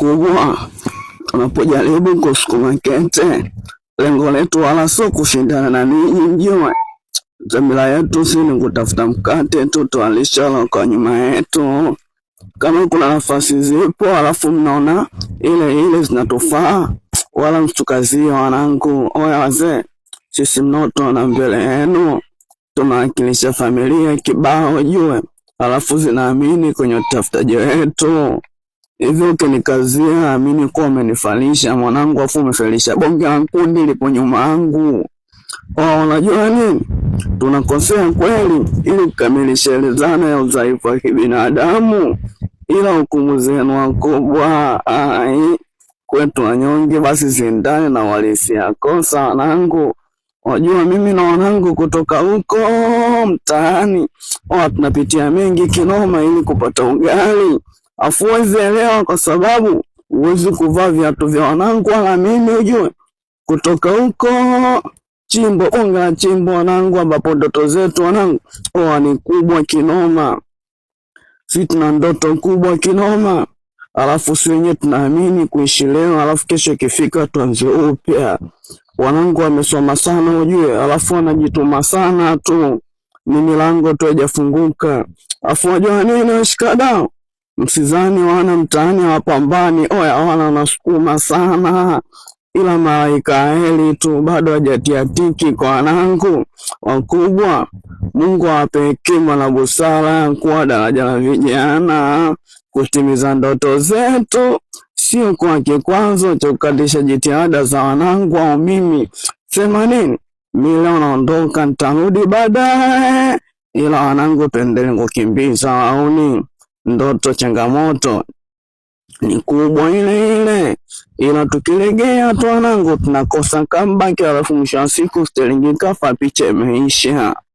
kubwa tunapojaribu kusukuma kete. Lengo letu wala sio kushindana na ninyi, mjue dhamira yetu si ni kutafuta mkate tu twalishalo kwa nyuma yetu. Kama kuna nafasi zipo, alafu mnaona ile ile zinatufaa, wala mtukazie wanangu. Oya wazee, sisi mnaotuona mbele yenu tunawakilisha familia kibao, jue alafu zinaamini kwenye utafutaji wetu hivyo ukinikazia, amini kuwa umenifalisha mwanangu, afu umefalisha bonge la kundi lipo nyuma yangu. Oh, unajua nini, tunakosea kweli, ili kukamilisha elezana ya udhaifu wa kibinadamu, ila hukumu zenu wakubwa kwetu wanyonge, basi zindane na walisi ya kosa wanangu. Wajua mimi na wanangu kutoka huko mtaani, watu tunapitia mengi kinoma ili kupata ugali Afuezelewa kwa sababu huwezi kuvaa viatu vya wanangu wala mimi, ujue kutoka huko chimbo unga chimbo wanangu, ambapo ndoto zetu wanangu, oa ni kubwa kinoma, fitna ndoto kubwa kinoma. Alafu si wenyewe tunaamini kuishi leo, alafu kesho ikifika tuanze upya. Wanangu wamesoma sana ujue, alafu wanajituma sana tu, ni milango tu haijafunguka. Afu wajua nini washikadao Msizani wana mtaani wapambani, oya wana wanasukuma sana, ila heli tu bado hajatia tiki. Kwa wanangu wakubwa, Mungu awape hekima na busara ya kuwa daraja la vijana kutimiza ndoto zetu, sio kwa kikwazo cha kukatisha jitihada za wanangu au mimi. Sema nini? Mi leo naondoka, baadaye, ila wanangu, pendeni kukimbiza wauni Ndoto changamoto ni kubwa ile ile, ila tukilegea tu wanangu, tunakosa comeback, alafu mwisho wa siku sterling kafa, picha imeisha.